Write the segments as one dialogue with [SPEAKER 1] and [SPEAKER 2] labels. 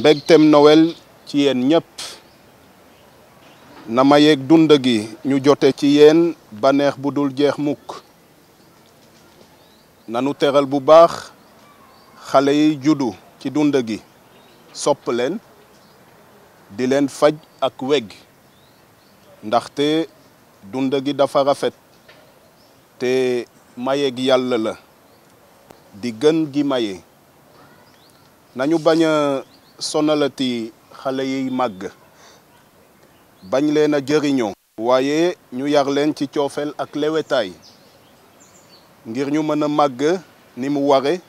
[SPEAKER 1] begtem Noël ci est nyep, na ma dund gi ñu jote ci yéen baneex budul dul jeex mukk nanu teral bu baax xalé yi judu ci dund gi di faj ak ndaxte dund gi rafet te gi yalla la di gën gi maye nañu bañ sonalati xale yiy màgg bañ leen a jëriñoo waaye ñu yar leen ci coofeel ak lewetaay ngir ñu mën a màgg ni mu ware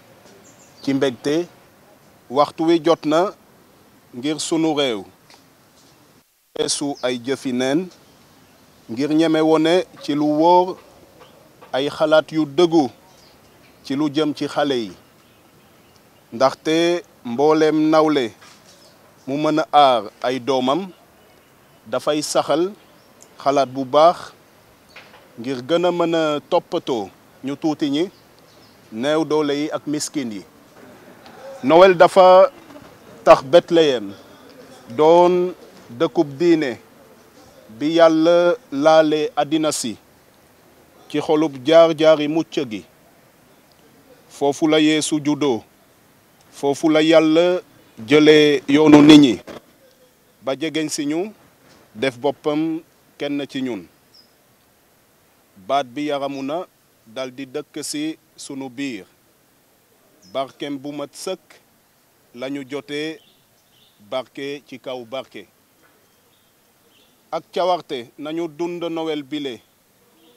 [SPEAKER 1] ci mbegte waxtu wi jot na ngir sunu réew eesu ay jëfi neen ngir ñeme wone ci lu wóor ay xalaat yu dëggu ci lu jëm ci xale yi ndaxte mbooleem nawle mu mën a aar ay doomam dafay saxal xalaat bu baax ngir gën a mën a toppatoo ñu tuuti ñi néew doole yi ak miskin yi Noël dafa tax Bethléem doon dëkkub diine bi yàlla laale àddina si ci xolub jaar-jaari mucc gi foofu la yéesu juddoo foofu la yàlla jële yoonu nit ñi ba jegeñ si ñu def boppam kenn ci ñun baat bi yaramu na daldi dëkk si sunu biir barkem bu mat sëkk lañu jote barke ci kaw barke ak cawarte nañu dund nowel bile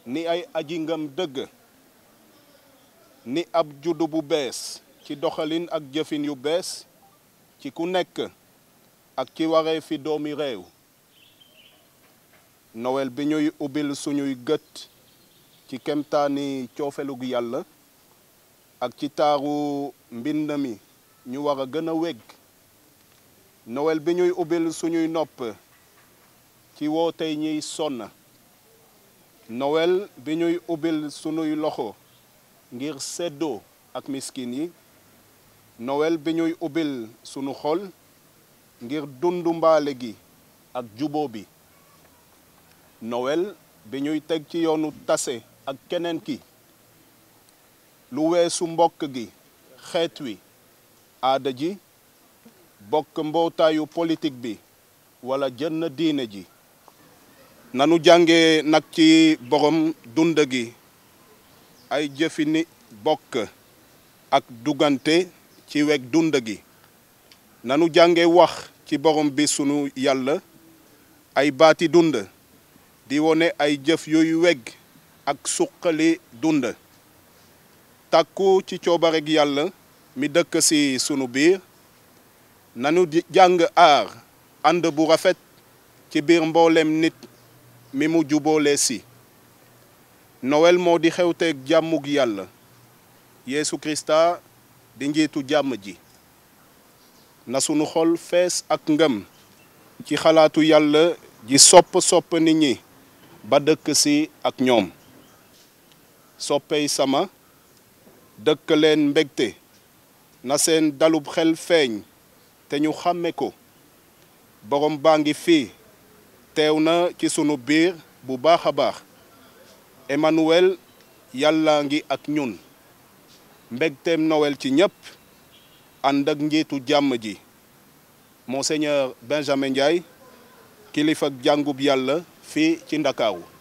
[SPEAKER 1] ni ay aji ngam dëgg ni ab juddu bu bees ci doxalin ak jëfin yu bees ci ku nekk ak ci waree fi doomi réew nowel bi ñuy ubbil suñuy gët ci kemtaani coofelug yàlla ak ci taaru mbind mi ñu war a gën a wég Noël bi ñuy ubbil suñuy nopp ci woote ñiy sonn Noël bi ñuy ubbil suñuy loxo ngir seddoo ak miskin yi nowel bi ñuy ubbil sunu xol ngir dundu mbaale gi ak juboo bi nowel bi ñuy teg ci yoonu tase ak keneen ki lu weesu mbokk gi xeet wi aada ji bokk mbootaayu politik bi wala jën diine ji nanu jànge nag ci borom dund gi ay jëfi ni bokk ak duggante ci weg dund nanu jànge wax ci borom bi sunu yalla ay baati dund di woné ay jëf yoyu weg ak suqali dund ci yalla mi dëkk ci sunu biir nanu jàng aar ànd bu rafet ci nit mi mu Noël moo di xewteeg jàmmug yàlla Yeesu Krista di njiitu jàmm ji na sunu xol fees ak ngëm ci xalaatu yàlla ji sopp sopp nit ñi ba dëkk si ak ñoom soppey sama dëkk leen mbegte na seen dalub xel feeñ te ñu xàmme ko borom baa ngi fii teew na ci sunu biir bu baax a baax Emmanuel yàlla ngi ak ñun mbégteem Noël ci ñëpp ànd ak njiitu jàmm ji monseigneur Benjamin Ndiaye kilifa jàngub yàlla fii ci Ndakaaru